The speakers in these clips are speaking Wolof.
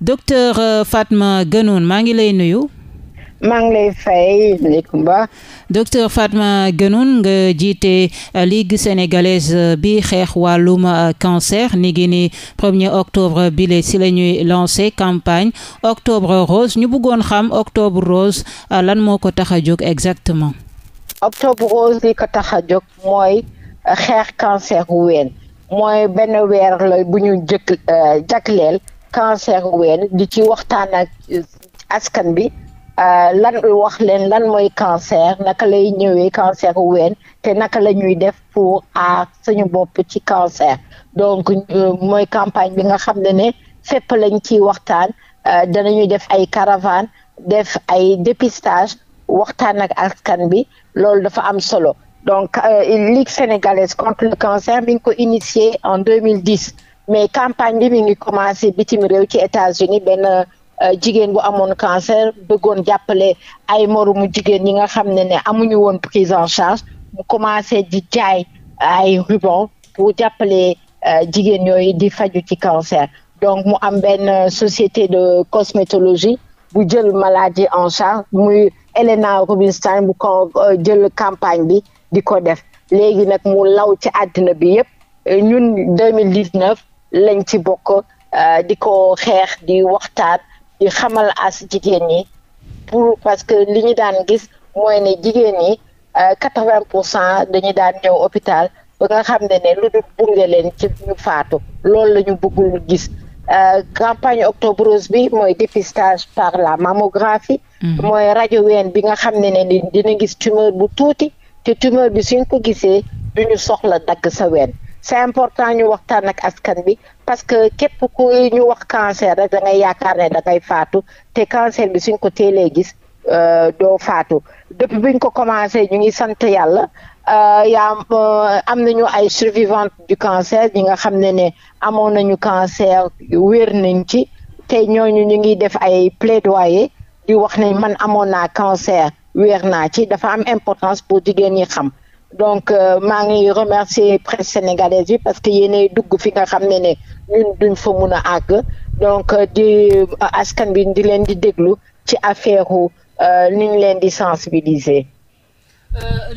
docteur euh, Fatma Guenoune maa ngi lay nuyu. maa ngi lay fay Ndeykumba. docteur Fatma Guenoune nga jiite euh, ligue sénégalaise euh, bi xeex wàllum cancer ni ngi ni premier octobre bile si la ñuy lancé campagne octobre rose ñu bëggoon xam octobre rose lan moo ko tax a jóg exactement. octobre rose li ko tax a jóg mooy xeex cancer ween mooy benn weer la bu ñu jëkk jagleel. cancer ween di ci waxtaan ak euh, askan bi euh, lan wax leen lan mooy cancer naka lay ñëwee cancer ween te naka la ñuy def pour aar suñu bopp ci cancer donc euh, mooy campagne bi nga xam ne ne fépp lañ ci waxtaan danañuy def ay caravane def ay dépistage waxtaan ak askan bi loolu dafa am solo donc Ligue sénégalaise contre le cancer mi ngi ko initié en mais campagne bi mi ngi commencé bitim réew ci États-Unis benn euh, jigéen bu amoon cancer bëggoon jàppale ay moromu jigéen ñi nga xam ne ne amuñu woon prise en charge mu commencé di jaay ay ruban pour jàppale euh, jigéen yooyu di faju ci cancer donc mu am benn société de cosmétologie bu jël maladie en charge muy Elena Rubinstein bu ko euh, jël campagne bi di ko def léegi nag mu law ci àddina bi yépp ñun 2019 lañ ci bokk euh, di ko xeex di waxtaan di xamal as jigéen ñi pour parce que li ñu daan gis mooy ne jigéen ñi euh, quatre-vingt pour cent dañu daan ñëw hôpital ba nga xam ne ne lu dul bunge leen ci ñu faatu loolu la ñu bëggul gis euh, campagne octobre rose bi mooy dépistage par la mammographie mm. mooy rajo ween bi nga xam ne ne dina gis tumeur bu tuuti te tumeur bi suñ ko gisee duñu soxla dagg sa ween c'est important ñu waxtaan ak askan bi parce que képp ku ñu wax cancer rek da yaakaar ne da ngay faatu te cancer bi suñ ko teelee gis uh, doo faatu depuis buñ ko commencé ñu ngi sant yàlla uh, yaa uh, am nañu ay survivante du cancer ñi nga xam ne ne amoon nañu cancer wér nañ ci te ñooñu ñu ngi def ay plaidoyer di wax nañ man amoon naa cancer wéer naa ci dafa am importance pour jigéen ñi xam donc euh, maa ngi remercier presse sénégalaise bi parce que yéenay dugg fi nga xam ne ne ñun duñ fa mun a àgg donc euh, di euh, askan bi di leen di déglu ci affaire u ni leen di sensibiliser.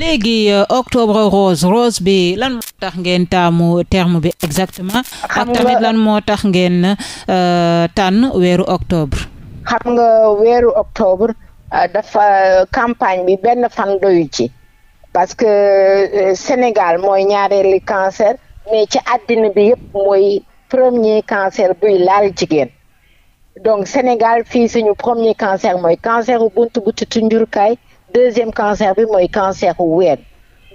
léegi octobre rose rose bi lan moo tax ngeen taamu terme bi exactement ak tamit lan moo tax ngeen tànn weeru octobre xam nga weeru octobre dafa campagne bi benn fan doyu ci parce que euh, Sénégal mooy ñaareeli cancer mais ci àddina bi yëpp mooy premier cancer buy laal jigéen donc Sénégal fii suñu premier cancer mooy cancer bu buntu butitu njurkaay deuxième cancer bi mooy cancer bu ween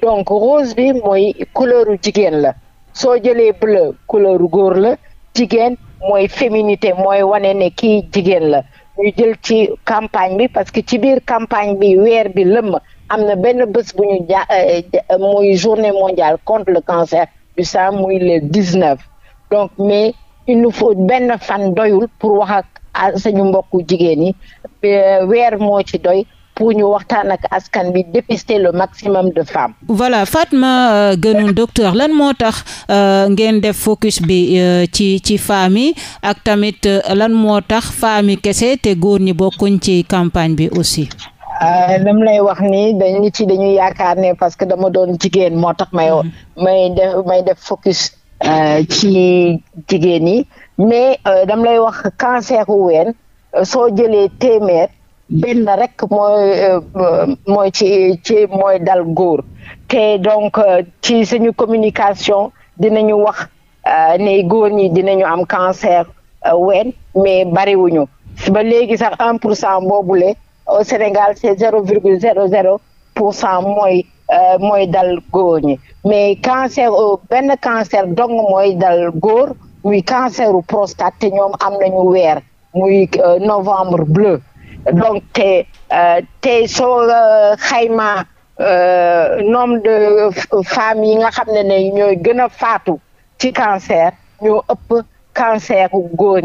donc rose bi mooy couleuru jigéen la soo jëlee bleu couleuru góor la jigéen mooy féminité mooy wane ne kii jigéen la ñu jël ci campagne bi parce que ci biir campagne bi weer bi lëmm am na benn bés bu ñu ja euh, euh, muy journée mondiale contre le cancer du muy le 19 donc mais il nous benn fan doyul pour wax ak suñu mbokku jigéen yi euh, weer moo ci doy. pour ñu waxtaan ak askan bi dépister le maximum de femmes. voilà Fatma Guenoune docteur lan moo tax ngeen def focus bi ci ci femmes yi ak tamit lan moo tax femmes yi kese te góor ñi bokkuñ ci campagne bi aussi. dam euh, lay wax ni dañ nit yi dañuy yaakaar ne parce que dama doon jigéen moo tax may mm-hmm. may def may def focus euh, ci jigéen yi mais euh, dam lay wax cancer ween soo jëlee téeméer benn rek mooy mooy ci ci mooy dal góor te donc ci suñu communication dinañu wax ne góor ñi dinañu am cancer ween mais bariwuñu ba léegi sax un pour cent boobule au Sénégal c' est zéro virgule zéro zéro pour cent mooy euh, mooy dal góor mais cancer euh, benn cancer dong mooy dal góor muy cancer u prostate te ñoom am nañu weer muy euh, novembre bleu donc te te soo xayma nombre de femmes yi nga xam ne ne ñooy gën a faatu ci cancer ñoo ëpp cancer u góor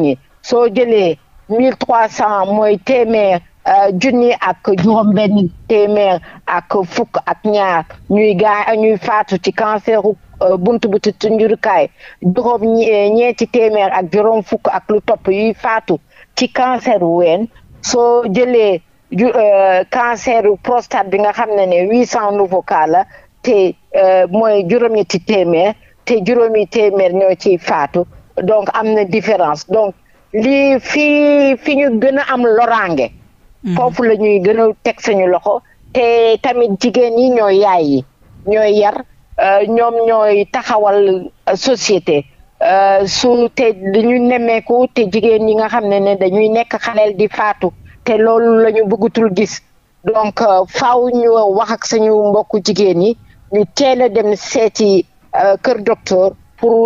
soo jëlee mille trois cent mooy téeméer Euh, junni ak juróom-benn téeméer ak fukk ak ñaar ñuy gaa ñuy faatu ci canceru euh, buntu bu tunjurukaay juróom euh, ñeenti téeméer ak juróom fukk ak lu topp yuy faatu ci canceru ween soo jëlee ju canceru prostate bi nga xam ne ne huit cent nouveau cas la te mooy juróom-ñetti téeméer te juróomi téeméer ñoo faatu donc am na différence donc lii fii fi ñu gën a am loraange Mm-hmm. foofu la ñuy gën teg suñu loxo te tamit jigéen yi ñooy yaay yi ñooy yar euh, ñoom ñooy taxawal euh, société euh, su te dañu nemmeeku te jigéen yi nga xam ne ne dañuy nekk xaleel di faatu te loolu la ñu bëggatul gis donc faaw ñu wax ak suñu mbokku jigéen yi ñu teel a dem seeti kër docteur pour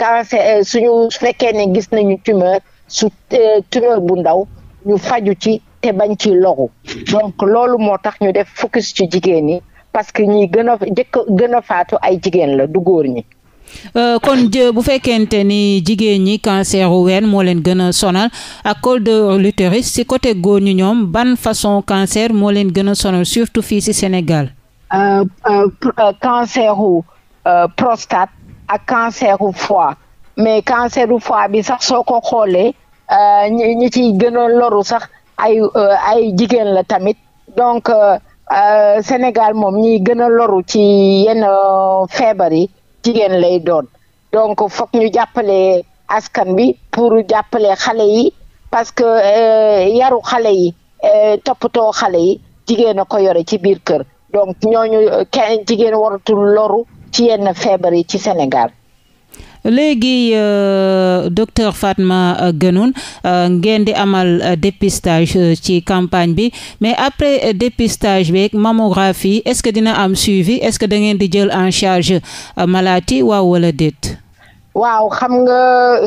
cancer suñu fekkee ne gis nañu tumeur su tumeur bu ndaw ñu faju ci te bañ ci loru donc loolu moo tax ñu def focus ci jigéen ñi parce que ñi gën a gën a faatu ay jigéen la du góor ñi euh, kon kon bu fekkente ni jigéen ñi cancer u ween moo leen gën a sonal ak col de l'utérus si côté góor ñi ñoom ban façon cancer moo leen gën a sonal surtout fii si Sénégal euh, euh, euh cancer u euh, prostate ak cancer u foie mais cancer u foie bi sax soo ko xoolee ñi ciy gën a loru sax ay euh, ay jigéen la tamit donc euh, euh, Sénégal moom ñiy gën a loru ci yenn feebar yi jigéen lay doon donc foog ñu jàppale askan bi pour jàppale xale yi parce que yaru xale yi toppatoo xale yi jigéen a ko yore ci biir kër donc ñooñu kenn jigéen waratul loru ci yenn feebar yi ci Sénégal léegi euh, docteur Fatma Guenoune euh, ngeen di amal euh, dépistage ci campagne bi mais après dépistage beeg mammographie est-ce que dina am suivi est-ce que da ngeen di jël en charge maladie waaw wala déet. waaw xam nga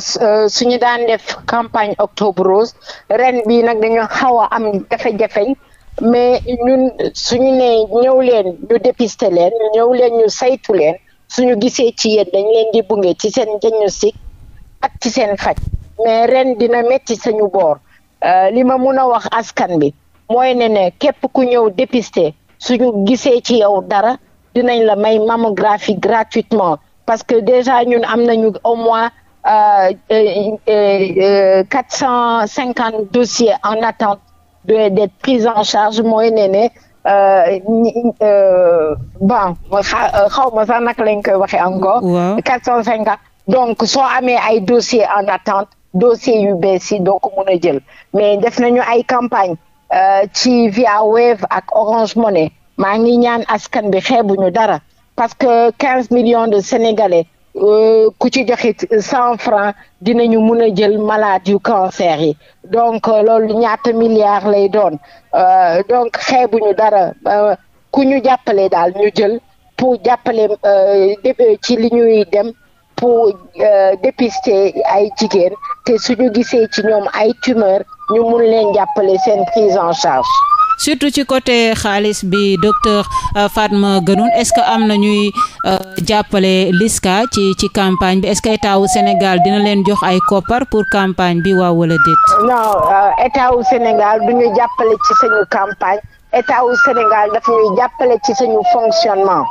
suñu daan def campagne octobre rose ren bi nag dañu xaw a am jafe-jafeñ mais ñun suñu ne ñëw leen ñu dépister leen ñëw ñu saytu leen suñu gisee ci yéen dañ leen di bunge ci seen diagnostic ak ci seen faj mais ren dina métti sañu boor euh, li ma mun a wax askan bi mooy ne ne képp ku ñëw dépister suñu gisee ci yow dara dinañ la may mammographie gratuitement parce que déjà ñun am nañu au moins euh, euh, quatre cent cinquante dossiers en attente de d'être pris en charge mooy ne Euh, euh, bon euh, xaw ma sax naka lañ koy waxee encore. waaw cent cinquante donc soo amee ay dossiers en attente dossiers yu bees yi doo ko mën jël mais def nañu ay campagne ci via Wave ak Orange Money maa ngi ñaan askan bi xebuñu dara parce que quinze millions de Sénégalais. Euh, ku ci joxit cent franc dinañu mun a jël malade yu cancer yi donc euh, loolu ñaata milliards lay doon euh, donc xeebu ñu dara ku ñu jàppale daal ñu jël pour jàppale ci li ñuy dem pour dépister ay jigéen te suñu gisee ci ñoom ay tumeur ñu mun leen jàppale seen prise en charge surtout ci côté xaalis bi docteur euh, Fatma Guenoune est-ce que am na ñuy euh, jàppale Lisca ci ci campagne bi est-ce que état Sénégal dina leen jox ay koppar pour campagne bi waaw wala déet. non euh, état wu Sénégal du ñu jàppale ci suñu campagne état wu Sénégal daf ñuy jàppale ci suñu fonctionnement.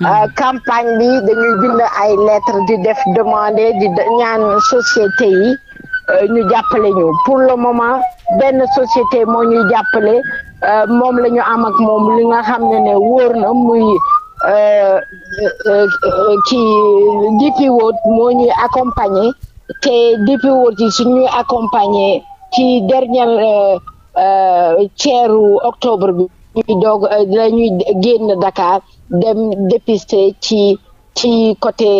Hmm. campagne bi dañuy bind ay lettres di def demander di ñaan société yi. Euh, ñu jàppale ñu pour le moment benn société moo ñuy jàppale euh, moom la ñu am ak moom li nga xam ne ne wóor na muy ci euh, DP World moo ñuy accompagner te DP World yi su ñuy accompagner ci dernier ceeru octobre bi ñuy doog dañuy génn Dakar dem dépister ci ci côté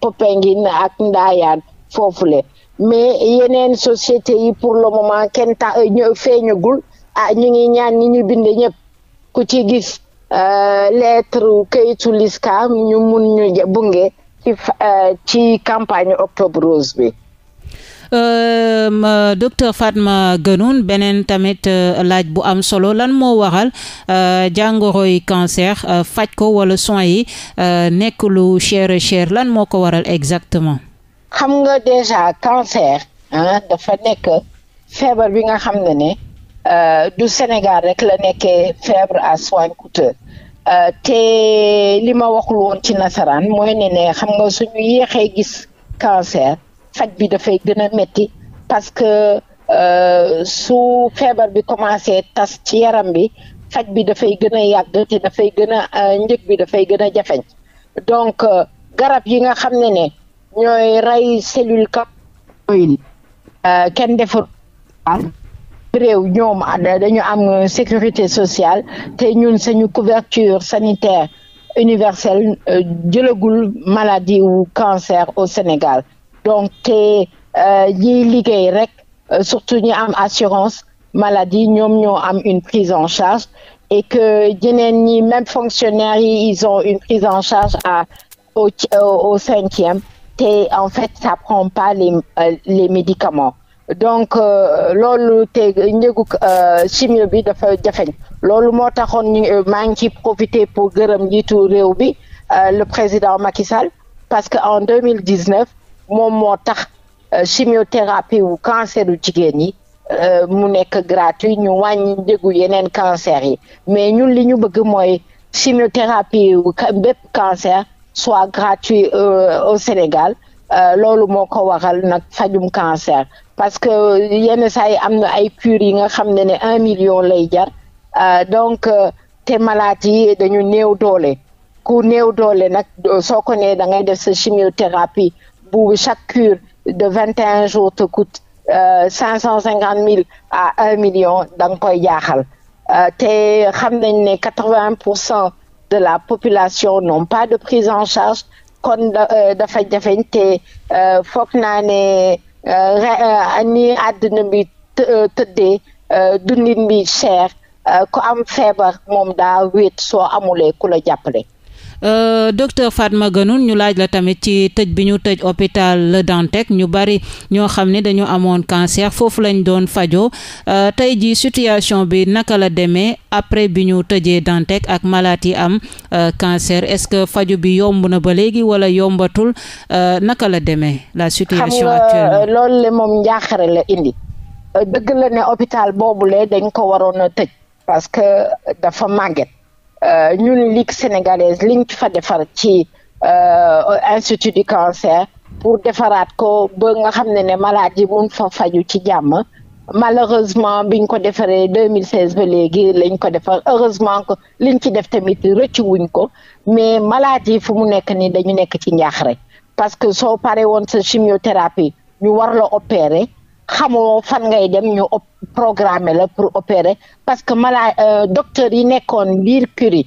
Popenguine ak Ndayane foofule mais yeneen société yi pour le moment kenn ta euh, feeñagul ah ñu ngi ñaan ñu bind ñëpp ku ci gis euh, lettre kayitu liskaam ñu mun ñu bunge ci euh, ci campagne octobre rose bi Euh, docteur Fatma Guenoune beneen tamit euh, laaj bu am solo lan moo waral euh, jàngoroy cancer faj ko wala soins yi nekk lu cher cher lan moo ko waral exactement xam nga déjà cancer dafa nekk feebar bi nga xam ne ne euh, du Sénégal rek la nekkee feebre à soins coûteux euh, te li ma waxul woon ci nasaraan mooy ne ne xam nga suñu yéexee gis cancer faj bi dafay gën a métti parce que euh, su feebar bi commencé tas ci yaram bi faj bi dafay gën a yàgg te dafay gën a njëg bi dafay gën a jafeñ donc garab yi nga xam ne ne ñooy rey cellule camp euh, kenn defar réew ñoom dañu am sécurité sociale te ñun sañu couverture sanitaire universelle euh, jëlagul maladie wu cancer au Sénégal donc te euh, ñiy liggéey rek surtout ñi am assurance maladie ñoom ñoo am une prise en charge et que ñeneen ñi même fonctionnaires yi ils ont une prise en charge à au au cinquième te en fait ça prend pas les euh, les médicaments donc euh, loolu te njëgu euh, chimio bi dafa jafeñ loolu moo taxoon ñu maa ngi ci profité pour gërëm njiitu réew bi le président Macky parce que en deux mille dix neuf moom moo tax chimiothérapie wu cancer u jigéen yi mu nekk gratuit ñu wàññi njëgu yeneen cancer yi mais ñun li ñu bëgg mooy chimiothérapie wu bépp cancer soit gratuit euh, au Sénégal euh, loolu moo ko waxal nag fajum cancer parce que euh, yenn saa yi am na ay cure yi nga xam ne ne un million lay jar donc te malade yi dañu néew doole ku néew doole nag soo ko nee da ngay def sa chimiothérapie bu chaque cure de vingt et un jours te coûte cinq cent cinquante mille à un million da nga koy jaaxal te xam nañ ne quatre vingt de la population n'ont pas de prise en charge kon euh, dafa jafente euh, foog naa ne euh, ani àdduna bi tëddee dundin bi cher ku am feebar moom daa wéet soo amulee ku la jàppale Euh, docteur Fatma Guenoune ñu laaj la tamit ci tëj bi ñu tëj hôpital la Dantec ñu bari ñoo xam ne dañu amoon cancer foofu lañ doon fajoo euh, tey ji situation bi naka la demee après bi ñu tëjee Dantec ak malaat yi am euh, cancer est-ce que faju bi yomb na ba léegi wala yombatul naka la demee la situation actuelle loolu moom njaaxare la indi dëgg la ne hôpital boobule dañ ko waroon a tëj parce que dafa màgget Euh, ñun ligue sénégalaise liñ fa defar ci euh, institut du cancer pour defaraat ko ba nga xam ne ne malade yi mun fa faju ci jàmm malheureusement biñ ko defaree mille 2016 ba léegi lañ ko defar heureusement ko liñ ci def tamit rëcc wuñ ko mais malade yi fu mu nekk ni dañu nekk ci njaax rek parce que soo pare woon sa chimiothérapie ñu war la opérer xamoo fan ngay dem ñu op programmer la pour opérer parce que mala euh, docteur yi nekkoon biir Curie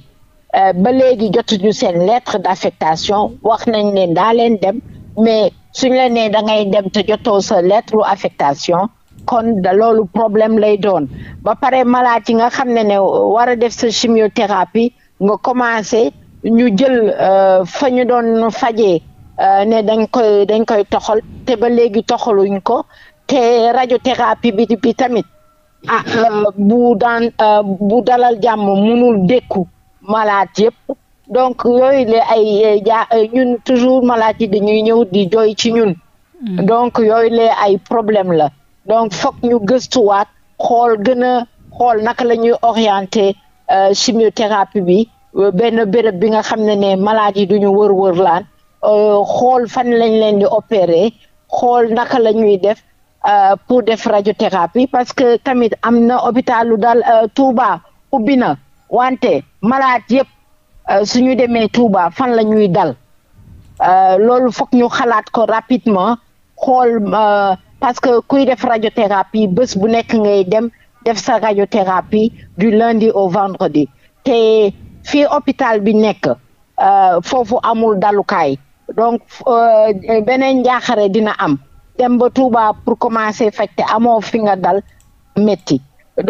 euh, ba léegi jot ñu seen lettre d'affectation wax nañ ne daa leen dem mais suñ la nee da ngay dem te jotoo sa lettre affectation kon da loolu problème lay doon ba pare malade yi nga xam ne ne war a def sa chimiothérapie nga commencé ñu jël euh, fa ñu doon fajee ne dañ koy dañ koy toxal te ba léegi toxaluñ ko te radiothérapie bi bi tamit ah euh, bu daan euh, bu dalal jàmm munul dékku malade yëpp donc yooyu la ay euh, ja ñun toujours malade yi dañuy ñëw di joy ci ñun hmm. donc yooyu la ay problème la donc foog ñu gëstuwaat xool gën xool naka la ñuy orienté chimiothérapie bi benn béréb bi nga xam ne ne malade yi ñu wër wër laan xool fan lañ leen di opérer xool naka la ñuy def Euh, pour def radiothérapie parce que tamit am na hôpitalu dal euh, Touba ubbi na wante malade yëpp euh, ñu demee Touba fan la ñuy dal loolu foog ñu xalaat ko rapidement xool parce que kuy def radiothérapie bés bu nekk ngay dem def sa radiothérapie du lundi au vendredi te fii hôpital bi nekk foofu amul dalukaay donc beneen njaaxare dina am dem ba Touba pour commencer faj te amoo fi nga dal métti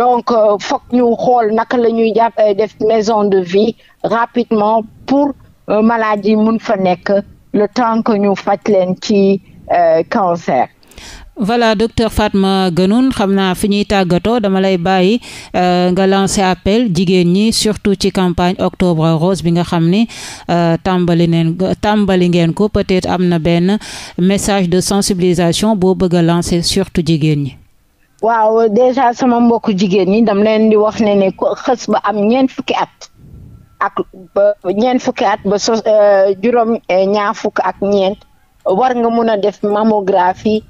donc euh, ñu xool naka la ñuy jàpp euh, def maison de vie rapidement pour euh, malade mun fa nekk le temps que ñu faj leen ci euh, cancer voilà docteur Fatma Guenoune xam naa fi ñuy tàggatoo dama lay bàyyi euh, nga lancé appel jigéen ñi surtout ci campagne octobre rose bi nga xam ni euh, tàmbali ngeen ko peut-être am na benn message de sensibilisation boo bëgg a lancé surtout jigéen ñi. waaw déjà sama mbokku jigéen ñi dama leen di wax ne ne xës ba am ñeent fukki at ñeent fukki at ba euh, juróom eh, ñaar fukk ak ñeent war nga mun a def mammographie.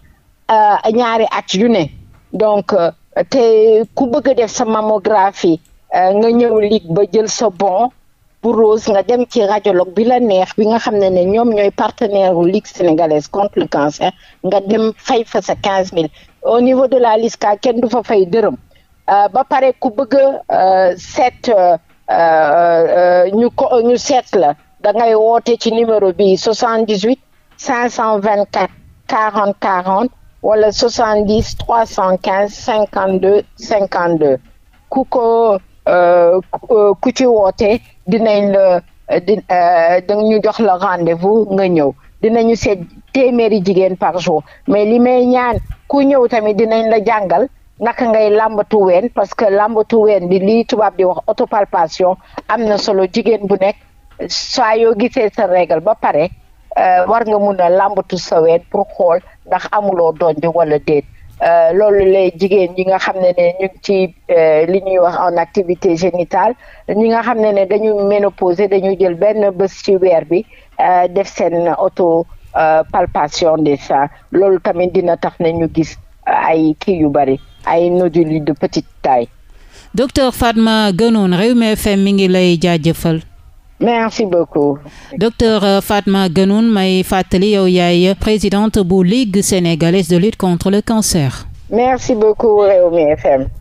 Euh, ñaari at yu ne donc euh, te ku bëgg a def sa mammographie euh, nga ñëw lig ba jël sa bon bu rose nga dem ci radiologue bi la neex bi nga xam ne ne ñoom ñooy partenaire u ligue sénégalaise contre le cancer nga dem fay fa sa quinze mille au niveau de la LISCA kenn du fa fay dërëm ba pare ku bëgg a seet ñu ko ñu seet la da ngay woote ci numéro bi soixante dix huit cent vingt quatre quarante quarante wala cinquante deux cinquante 52 ku ko euh, euh, ku ci woote dinañ la euh, di ñu jox la rendez nga ñëw dinañu seet téeméeri jigéen par jour mais li may ñaan ku ñëw tamit dinañ la jàngal naka ngay làmbatu ween parce que làmbatu ween bi lii tubaab di wax autopalpation am na solo jigéen bu nekk saa yoo gisee sa régle ba pare Euh, war nga mun a làmbatu sa weet pour xool ndax amuloo donj walla déet euh, loolu lay jigéen ñi nga xam ne ne ñu ci euh, li ñuy wax en activité génitale ñi nga xam ne ne dañu ménopausé dañu jël benn bés ci weer bi def seen auto palpation des seins loolu tamit dina tax ne ñu gis ay kii yu bari ay nodules de petite taille. docteur Fatma Guenoune Rewmi FM mi ngi lay jaajëfal. merci beaucoup. docteur euh, Fatma Guenoune may fàttali yow yaay présidente bu ligue sénégalaise de lutte contre le cancer. merci beaucoup Rewmi FM.